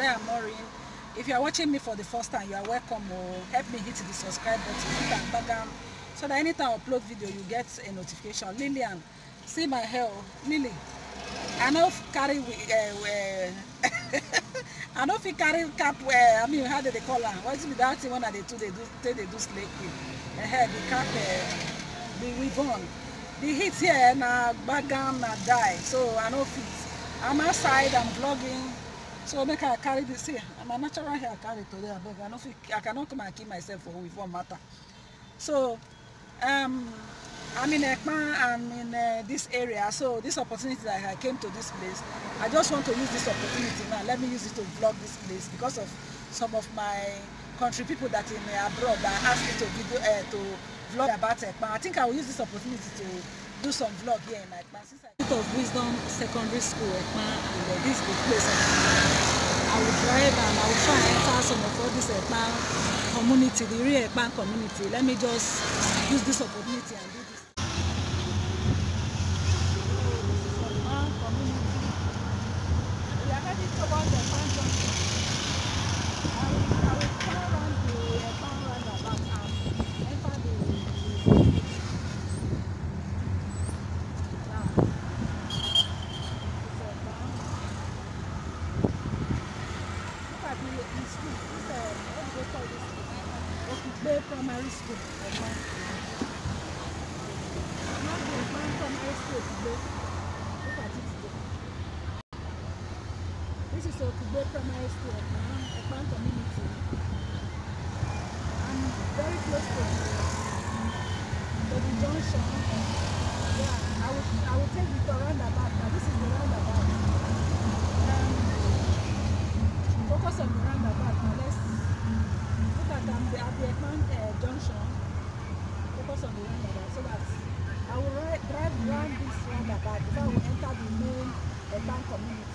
There, Mori. If you are watching me for the first time, you are welcome. Or oh. help me hit the subscribe button, hit that button, so that anytime I upload video, you get a notification. Lillian, see my hair, oh. Lily. I know carry uh, uh, I know if you carry cap uh, I mean how do they call am what is it that thing of the two? they do they, they do slake with uh, the cap uh, the ribbon the heat here na gbagam na die so I know fit I'm outside I'm vlogging So make I carry this here. My natural hair I carry today, abeg. I no fit I cannot come and kill myself for with one matter. So um I'm in Ekpan, I'm in uh, this area. So this opportunity that I came to this place, I just want to use this opportunity now. Let me use it to vlog this place because of some of my country people that in uh, abroad that ask me to video uh, to vlog about Ekpan. I think I will use this opportunity to do some vlog here in Ekpan since of wisdom secondary school Ekpan and uh, this is the place I will drive and I will try and enter some of all this Ekpan community the real Ekpan community let me just use this opportunity and gbé primary school ọ̀gbọ́n ọmọdé ọ̀gbọ́n primary school òkùgbé ó pàtó ti dé this is òkùgbé primary school ọ̀gbọ́n ọ̀gbọ́n community I'm very close to to the junction yeah I will I will take the roundabout now this is because of the roundabout now let's look at am the abiekpan uh, junction focus on the roundabout so that I will drive round this roundabout before I will enter the main Ekpan community.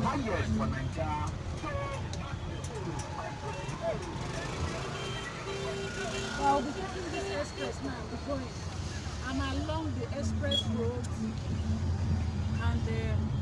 Well, the taking this express now, because I'm along the express road and um,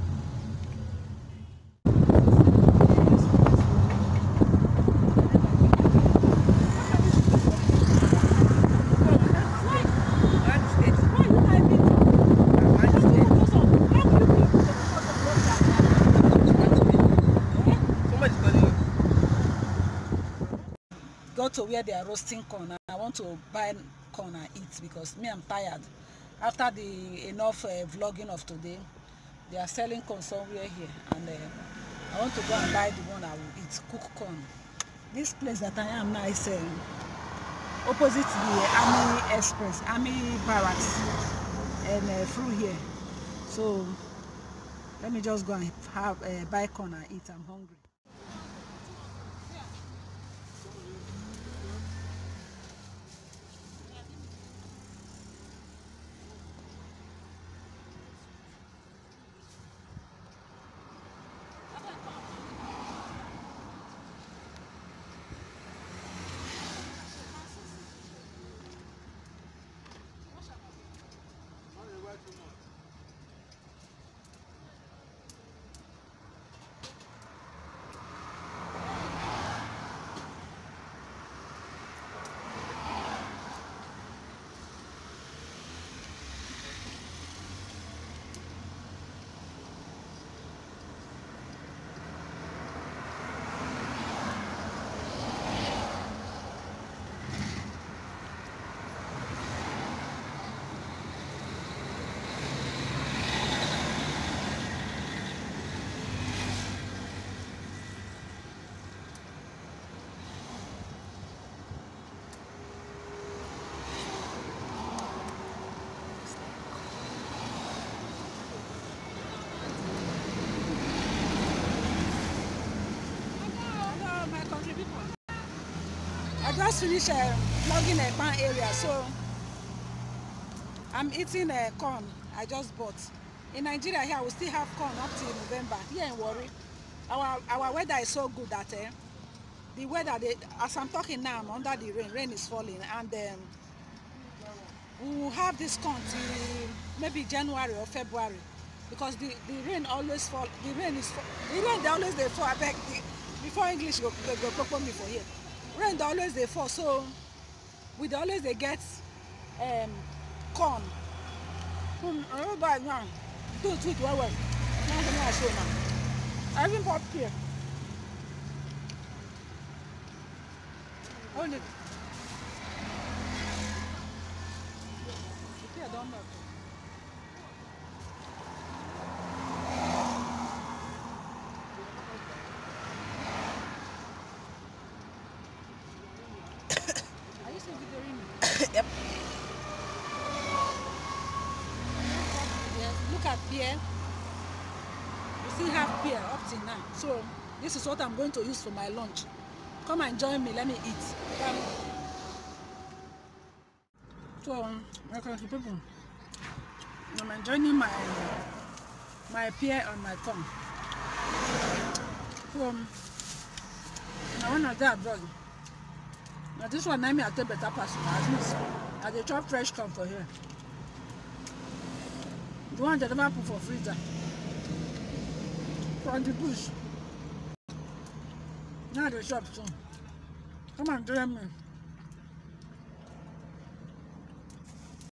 to where they are roasting corn and I want to buy corn and eat because me I'm tired. After the enough uh, vlogging of today, they are selling corn somewhere here and uh, I want to go and buy the one I will eat, cook corn. This place that I am now is um, opposite the Army Express, Army Barracks and uh, through here. So let me just go and have, uh, buy corn and eat, I'm hungry. just finished uh, logging a pan area, so I'm eating uh, corn I just bought. In Nigeria here, we still have corn up till November. Here in worry. our our weather is so good that uh, the weather, they, as I'm talking now, I'm under the rain. Rain is falling, and um, we will have this corn till maybe January or February, because the the rain always fall. The rain is the rain they always they fall. I beg the, before English go go go, go, go me for here rain dey always dey fall so we dey always dey get um, corn um, hmm, orange buy now do sweet well well now the man show now i even pop pear only. have pear we still have pear up till now so this is what i'm going to use for my lunch come and join me let me eat come um, so um, my country people i'm enjoying my my pear on my tongue so na one of that abroad Now this one I'm a i better person. at least i dey chop fresh come for here the one they never put for freezer from the bush now they shop soon come and join me